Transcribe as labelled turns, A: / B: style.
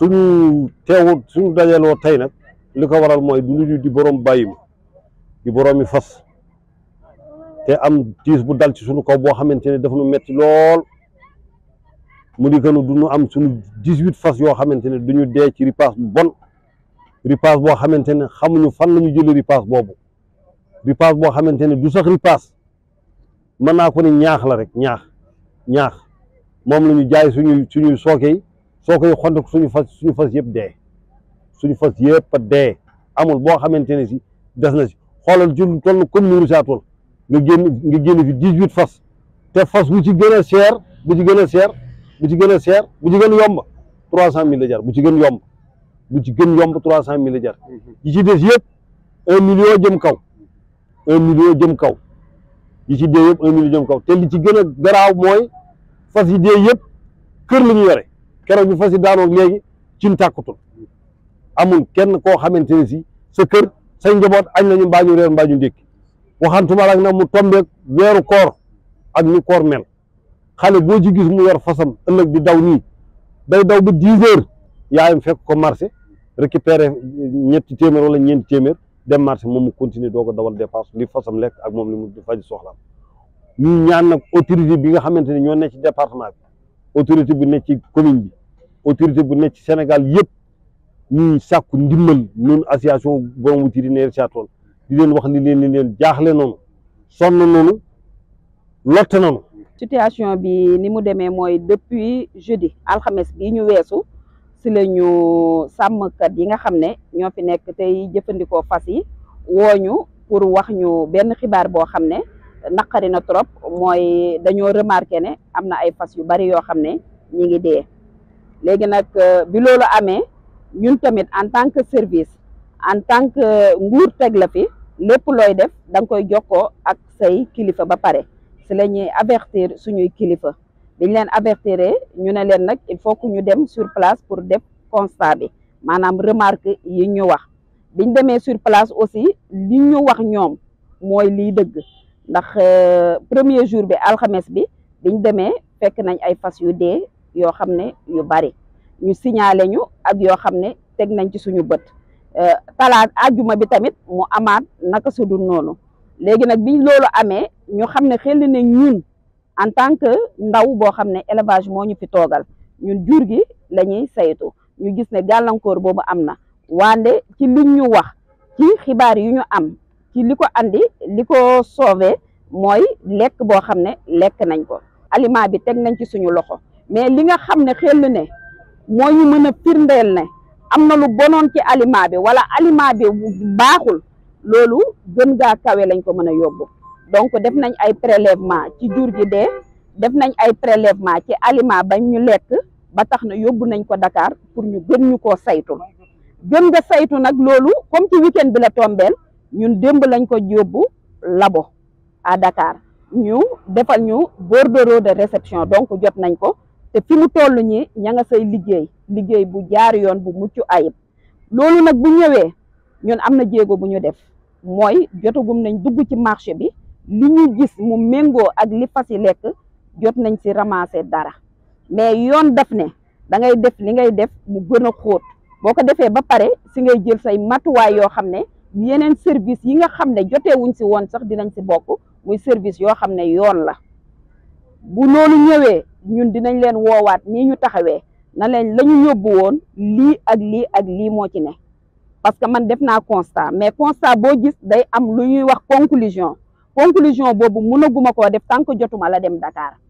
A: suñu teewul suñu loo tey nag li ko waral mooy du ñu di borom bàyyi ma di boroomi fas te am tiis bu dal ci suñu kaw boo xamante ne daf nu metti lool mu di que du ñu am suñu dix-huit fas yoo xamante ne du ñu dee ci ripaas bu bon ripaas boo xamante ne xamuñu fan la ñu jëlee ripaas boobu ripaas boo xamante ne du sax ripaas mën naa ko ne ñaax la rek ñaax ñaax moom la ñu jaay suñuy suñuy sooke soo koy xont suñu fas suñu fas yëpp dee suñu fas yëpp a dee amul boo xamante ne si des na si xoolal jur toll comme nuuru saa tool nga génn nga génn fi dix huit fas te fas bu ci gën a cher bu ci gën a cher bu ci gën a cher bu ci gën yomb trois cent mille bu ci gën yomb bu ci gën yomb trois cent mille la mhm. ci des yëpp un million jëm kaw jëm kaw yi ci dee yëpp un million jëm kaw te li ci gën a garaaw mooy fas yi dee yëpp kër la ñu yore keroog bi fas yi daanoog léegi cin tàkkutul amul kenn koo xamante ne si sa kër say njaboot añ nañu mbaa ñu reer mbaa ñu ndékki waxantuma rek nag mu tombeeg weeru koor ak ñu koor mel xale boo ci gis mu yor fasam ëllëg di daw nii day daw ba dix heures yaayam fekk ko marché récupérer ñetti téeméer wala ñeenti téeméer dem marché moom mu continuer doo ko dawal dépense li fasam lekk ak moom li mu di faj soxlaam ñu ñaan nag autorité bi nga xamante ne ñoo ne ci département bi autorité bi ne ci commune bi autorité bu nekk ci Sénégal yëpp ñuy sàkku ndimbal noonu association borom vétérinaire Tivaouane di leen wax ni leen ni leen jaaxle noonu sonn noonu lott noonu
B: situation bi ni mu demee mooy depuis jeudi alxames bi ñu weesu si la ñu sàmmkat yi nga xam ne ñoo fi nekk tey jëfandikoo fas yi wooñu pour wax ñu benn xibaar boo xam ne naqari na trop mooy dañoo remarqué ne am na ay fas yu bari yoo xam ne ñi ngi dee léegi nag euh, bi loolu amee ñun tamit en tant que service en tant que euh, nguur teg la fi lépp looy def da nga koy jokkoo ak say kilifa ba pare si la ñuy avertir suñuy kilifa biñ leen avertiré ñu ne leen nag il faut que ñu dem sur place pour def constat bi maanaam remarque yi ñu wax biñ demee sur place aussi li ñu wax ñoom mooy liy dëgg ndax euh, premier jour bi alxames bi biñ demee fekk nañ ay fas yu dee yoo xam ne yu bari ñu signalé ñu ak yoo xam ne teg nañ ci suñu bët talaat euh, ajjuma bi tamit mu amaat naka su noonu léegi nag bi loolu amee ñu xam ne xel ne ñun en tant que ndaw boo xam ne élevage moo ñu fi toogal ñun jur gi lañuy saytu ñu gis ne gàllankoor boobu am na wande ci liñ ñu wax ci xibaar yu ñu am ci li ko andi li ko sauvé mooy lekk boo xam ne lekk nañ ko aliment bi teg nañ ci suñu loxo mais li nga xam ne xel ne moo ñu mën a firndeel ne am na lu bonoon ci aliment bi wala aliment bi baaxul loolu gën gaa kawe lañ ko mën a yóbbu donc def nañ ay prélèvement ci jur gi dee def nañ ay prélèvement ci aliment bañ ñu lekk ba tax na yóbbu nañ ko Dakar pour ñu gën ñu ko saytu gën ga saytu nag loolu comme ci weekend bi la tombeel ñun démb lañ ko yóbbu labo à Dakar ñu defal ñu bordereau de réception donc jot nañ ko te fi mu toll ñi ña nga say liggéey liggéey bu jaar yoon bu mucc ayib loolu nag bu ñëwee ñun am na jéego bu ñu def mooy jotagum nañ dugg ci marché bi li ñu gis mu méngoo ak li fas yi lekk jot nañ si ramasser dara mais yoon def ne da ngay def li ngay def mu gën a xóot boo ko defee ba pare si ngay jël say matuwaay yoo xam ne yeneen service yi nga xam ne jotewuñ si woon sax dinañ si bokk muy service yoo xam ne yoon la bu loolu ñëwee ñun dinañ leen woowaat nii ñu taxawee na leen la ñu yóbbu woon lii ak lii ak lii moo ci ne parce que man def naa constat mais constat boo gis day am lu ñuy wax conclusion conclusion boobu mënaguma ko def tant jotuma la dem Dakar